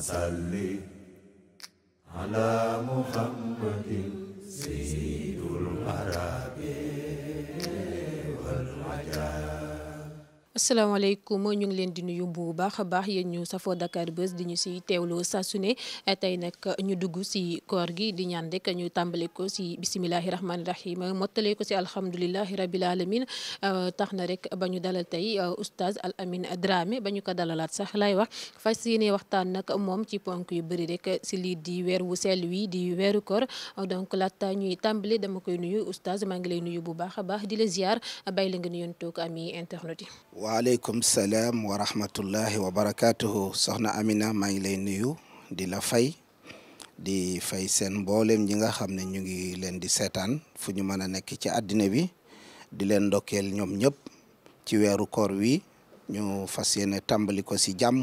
salli ala muhammadin sayyidul asalaamaaleykum ñu ngi leen di nuyu bu baax a baax yéen ñu safoo Dakar bés di ñu si teewloo saa su tey nag ñu dugg si koor gi di ñaan rek ñu tàmbale ko si bisimilahi rahmaani rahim mottale ko si alhamdulilahi rabil alamin tax na rek ba ñu dalal tey oustaz Al Amine Dramé ba ñu ko dalalaat sax lay wax fas yéene waxtaan nag moom ci ponk yu bëri rek si lii di weer wu sell wi di weeru koor donc laata ñuy tàmbale dama koy nuyu oustaz maa ngi lay nuyu bu baax a baax di la ziar bàyyi la nga nuyoon toog ami internet yi waaleykum salaam wa rahmatullahi wa barakaatuhu soxna Amina maa ngi lay nuyu di la fay di fay seen mboolem ñi nga xam ne ñu ngi leen di seetaan fu ñu mën a nekk ci àddina bi di leen ndokkeel ñoom ci weeru koor wi ñu fas yéene tàmbali ko si jàmm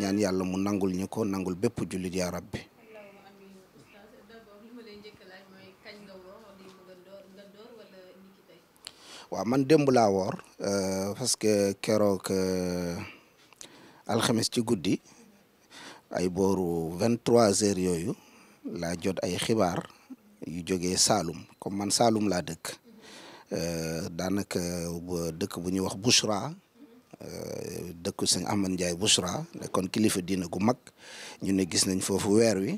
ñaan yàlla mu nangul ñu ko nangul bépp jullit yaa rabbi waaw man démb laa woor euh, parce que keroog euh, alxames ci guddi ay booru vingt trois heures yooyu laa jot ay xibaar yu jógee Saalum comme man Saalum laa dëkk euh, daanaka dëkk bu ñuy wax Bouchra dëkku sëñ Ahmad Ndiaye Bouchra kon kilifa diina gu mag ñu ne gis nañ foofu weer wi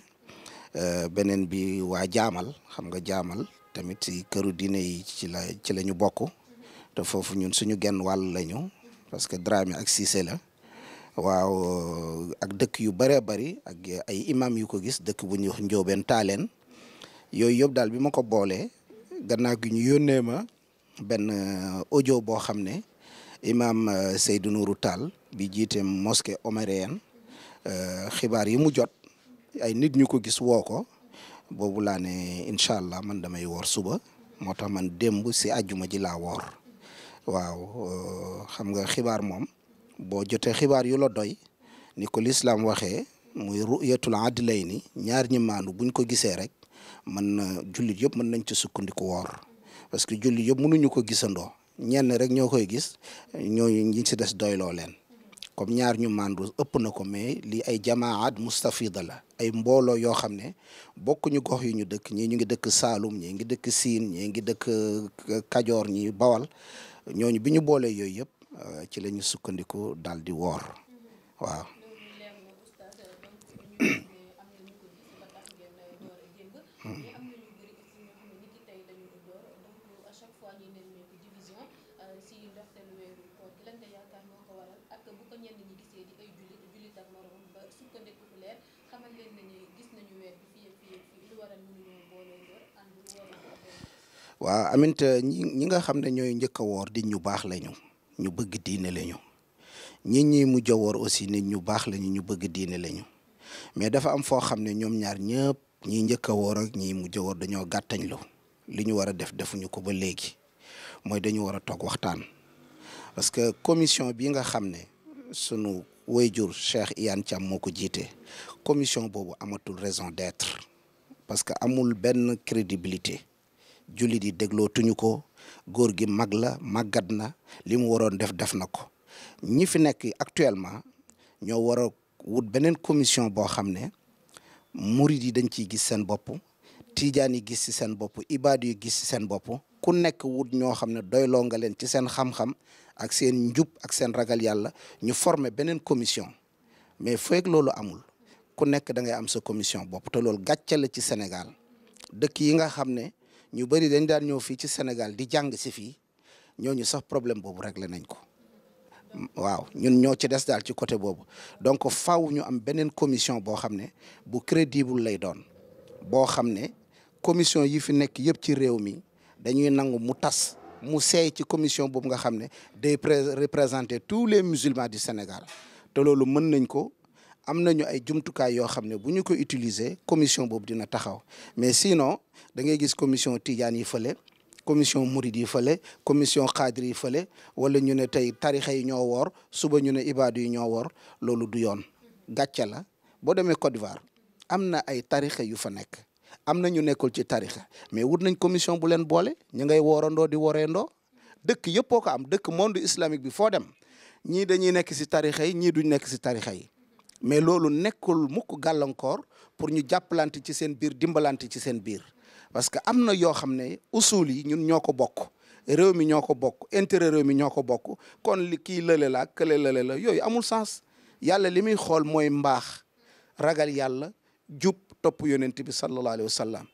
beneen bi waa jaamal xam nga jaamal tamit si këru diine yi ci la ci la ñu bokk te foofu ñun suñu genn wàll lañu parce que Dramé ak Cissé la waaw ak dëkk yu bëree bari ak ay imaam yu ko gis dëkk bu ñuy wax Njóobeen Taaleen yooyu yëpp daal bi ma ko boolee gannaaw gi ñu yónnee ma benn euh, audio boo xam ne imam euh, Seydou Nourou Tall bi jiite mosquée omarienne euh, xibaar yi mu jot ay nit ñu ko gis woo ko boobu laa ne incha allah man damay woor suba moo tax man démb si àjjuma ji laa woor waaw euh, xam nga xibaar moom boo jotee xibaar yu la doy ni ko lislaam waxee muy ruyatul adlayni ñaar ñi maandu buñ ko gisee rek mën na jullit yëpp mën nañ ci sukkandiku woor parce que jullit yëpp mënuñu ko gisandoo ñenn rek ñoo koy gis ñooñu ñi ci des doyloo leen comme ñaar ñu maandu ëpp na ko mais lii ay jamaat mustafida la ay mbooloo yoo xam ne bokkuñu gox yu ñu dëkk ñii ñu ngi dëkk Saalum ñii ngi dëkk Siin ñii ngi dëkk euh, Kajoor ñi Bawal ñooñu bi ñu boolee yooyu yëpp euh, ci la ñu sukkandiku daal di woor waaw. Hmm. waa aminta ñi nga xam ne ñooy njëkk a woor di ñu baax lañu ñu bëgg diine lañu ñit ñi mujj a woor aussi nit ñu baax lañu ñu bëgg diine lañu mais dafa am foo xam ne ñoom ñaar ñëpp ñiy njëkk a woor ak ñiy mujj a woor gàttañ loo li ñu war a def defuñu ko ba léegi mooy dañu war a toog waxtaan parce que commission bi nga xam ne sunu wayjur Cheikh Iyane Thiam moo ko jiite commission boobu amatul raison d'être parce que amul benn crédibilité jullit yi dégloo tuñu ko góor gi mag la màggat na li mu waroon def def na ko ñi fi nekk actuellement ñoo war wut beneen commission boo xam ne murid yi dañ ciy gis seen bopp tiijaan yi gis ci seen bopp ibaad yi gis seen bopp ku nekk wut ñoo xam ne doyloo nga leen ci seen xam-xam ak seen njub ak seen ragal yàlla ñu former beneen commission mais feeg loolu amul ku nekk da ngay am sa commission bopp te loolu gàcce la ci Sénégal dëkk yi nga xam ne ñu bëri dañ daan ñëw fii ci Sénégal di jàng si fii ñu sax problème boobu réglé nañ ko waaw ñun ñoo ci des daal ci côté boobu donc faw ñu am beneen commission boo xam ne bu crédible lay doon boo xam ne commission yi fi nekk yëpp ci réew mi dañuy nangu mu tas mu seey ci commission boobu nga xam ne day représenté tous les musulmans du Sénégal te loolu nañ ko am nañu ay jumtukaay yoo xam ne bu ñu ko utiliser commission boobu dina taxaw mais sinon da ngay gis commission tijaan yi fële commission murid yi fële commission xaadir yi fële wala ñu ne tey tarixa yi ñoo woor suba ñu ne ibaadu yi ñoo woor loolu du yoon gàcce la boo demee Côte d'Ivoire am na ay tarixa yu fa nekk am na ñu nekkul ci tarixa mais wut nañ commission bu leen boole ñu ngay woorandoo di woreendoo dëkk yëppoo ko am dëkk monde islamique bi foo dem ñii dañuy nekk si tarixa yi ñii duñ nekk si tarixa yi mais loolu nekkul mukk gàllankoor pour ñu jàppalante ci seen biir dimbalante ci seen biir parce que am na yoo xam ne usul yi ñun ñoo ko bokk réew mi ñoo ko bokk intérêt réew mi ñoo ko bokk kon li kii lële la ak kële lële la yooyu amul sance yàlla li muy xool mooy mbaax ragal yàlla jub topp yonent bi sallallahu alayhi wa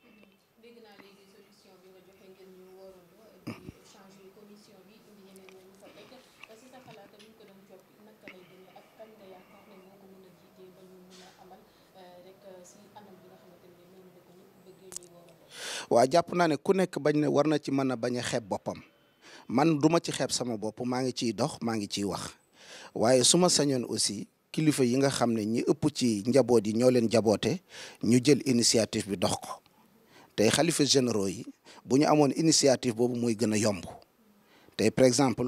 waa jàpp naa ne ku nekk bañ ne war na ci mën a bañ a xeeb boppam man duma ci xeeb sama bopp maa ngi ciy dox maa ngi ciy wax waaye suma ma sañoon aussi kilifa yi nga xam ne ñi ëpp ci njaboot yi ñoo leen jaboote ñu jël initiative bi dox ko tey xalifa généraux yi bu ñu amoon initiative boobu mooy gën a yomb tey par exemple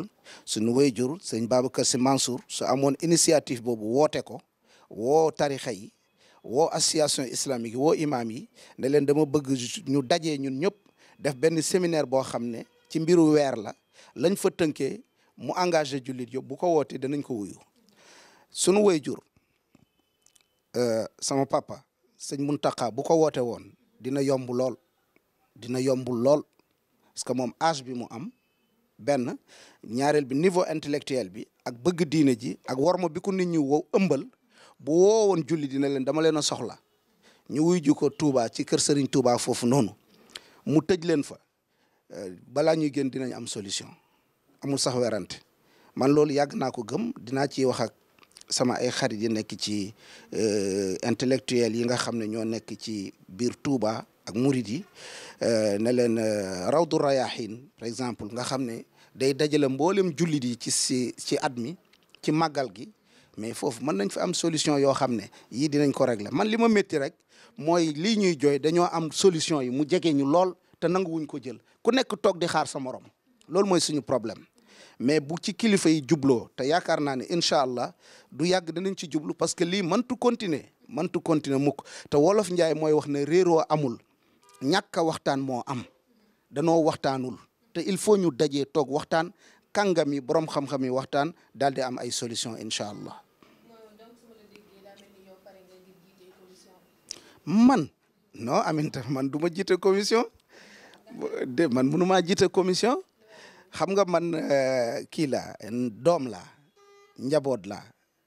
suñu wayjur sëñ Babacar Sy Mansour su amoon initiative boobu woote ko woo tarixa yi woo association islamique woo imaam yi ne leen dama bëgg ñu dajee ñun ñëpp def benn séminaire boo xam ne ci mbiru weer la lañ fa tënkee mu engagé jullit yëpp bu ko wootee danañ ko wuyu sunu waajur euh, sama papa sëñ Muntaqa bu ko wootee woon dina yomb lool dina yomb lool parce que moom âge bi mu am benn ñaareel bi niveau intellectuel bi ak bëgg diine ji ak worma bi ko nit ñi wow ëmbal bu woowoon julli dina leen dama leen a soxla ñu wuy ji ko Touba ci kër Serigne Touba foofu noonu mu tëj leen fa eh, balaa ñuy génn dinañ am solution amul sax werante man loolu yàgg naa ko gëm dinaa ci wax ak sama ay xarit yi nekk ci eh, intellectuel yi nga xam ne ñoo nekk ci biir Touba ak murid yi eh, ne leen rawdu rayahin par exemple nga xam ne day dajale mboolem jullit yi ci si ci at mi ci màggal gi mais foofu mën nañ fa am solution yoo xam ne yii dinañ ko régler man li ma métti rek mooy lii ñuy jooy dañoo am solution yi mu jegee ñu lool te nanguwuñ ko jël ku nekk toog di xaar sa morom loolu mooy suñu problème mais bu ci kilifa yi jubloo te yaakaar naa ne incha allah du yàgg danañ ci jublu parce que lii mëntu continuer mëntu continuer muk te wolof njaay mooy wax na réeroo amul ñàkk waxtaan moo am danoo waxtaanul te il faut ñu dajee toog waxtaan kàngam yi borom xam-xam yi waxtaan daal di am ay solution incha allah. man non aminta man duma ma jiite commission man munu maa jiite commission xam nga man euh, kii la doom la njaboot la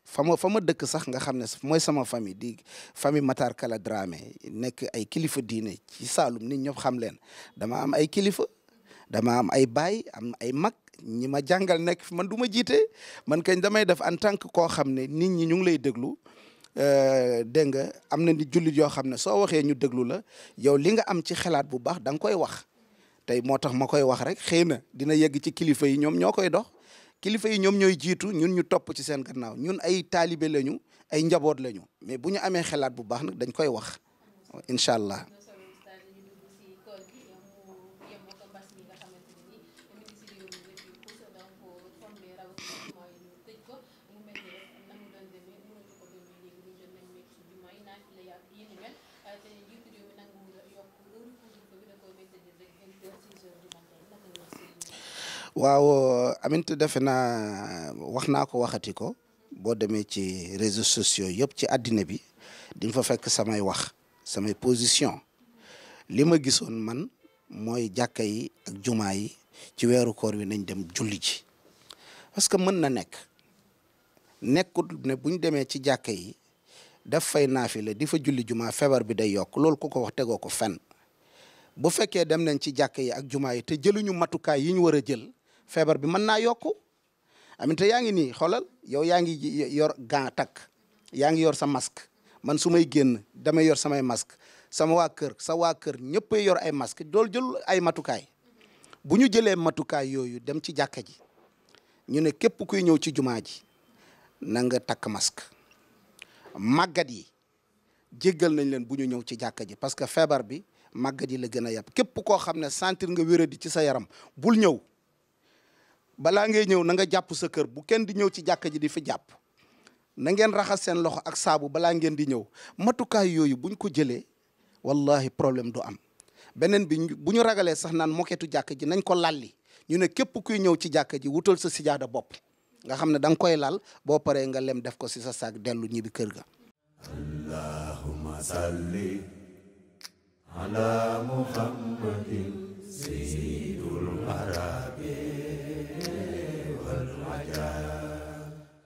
fa ma fa ma dëkk sax nga xam ne mooy sama famille di famille Matar Kala Dramé nekk ay kilifa diine ci salum ni ñëpp xam leen dama am ay kilifa dama am ay baay am ay mag ñi ma jàngal nekk man du ma jiite man kañ damay def en tant koo xam ne nit ñi ñu ngi lay déglu euh, dégg nga am na ni jullit yoo xam ne soo waxee ñu déglu la yow li nga am ci xalaat bu baax da nga koy wax tey moo tax ma koy wax rek xëy na dina yegg ci kilifa yi ñoom ñoo koy dox kilifa yi ñoom ñooy jiitu ñun ñu topp ci seen gannaaw ñun ay taalibe lañu ay njaboot lañu mais bu ñu amee xalaat bu baax nag dañ koy wax incha allah. waaw Aminata defe naa wax naa ko waxati ko boo demee ci réseaux sociaux yëpp ci àddina bi di fa fekk samay wax samay position li ma gisoon man mooy jàkka yi ak jumaa yi ci weeru koor wi nañ dem julli ji parce que mën na nekk nekkut ne bu ñu demee ci jàkka yi daf fay naafila di fa julli jumaa feebar bi day yokk loolu ku ko wax tegoo ko fenn bu fekkee dem nañ ci jàkka yi ak jumaa yi te jëluñu matukaay yi ñu war a jël feebar bi mën naa yokku aminte yaa ngi nii xoolal yow yaa ngi yor gant takk yaa ngi yor sa masque man su may génn damay yor samay masque sama waa kër sa waa kër ñëpp yor ay masque dool jël ay matukaay bu ñu jëlee matukaay yooyu dem ci jàkka ji ñu ne képp kuy ñëw ci jumaa ji na nga takk mask màggat yi jéggal nañ leen bu ñu ñëw ci jàkka ji parce que feebar bi màggat yi la gën a yàpp képp koo xam ne sentir nga wéradi ci sa yaram bul ñëw balaa ngay ñëw na nga jàpp sa kër bu kenn di ñëw ci jàkka ji di fi jàpp na ngeen raxas seen loxo ak saabu balaa ngeen di ñëw matukaay yooyu buñ ko jëlee wallahi problème du am beneen bi bu ñu ragalee sax naan moketu jàkka ji nañ ko lalli ñu ne képp kuy ñëw ci jàkka ji wutal sa sijaada bopp nga xam ne da koy lal boo paree nga lem def ko si sa saak dellu ñibbi kër ga allahumma salli ala muhammadin sayyidul wara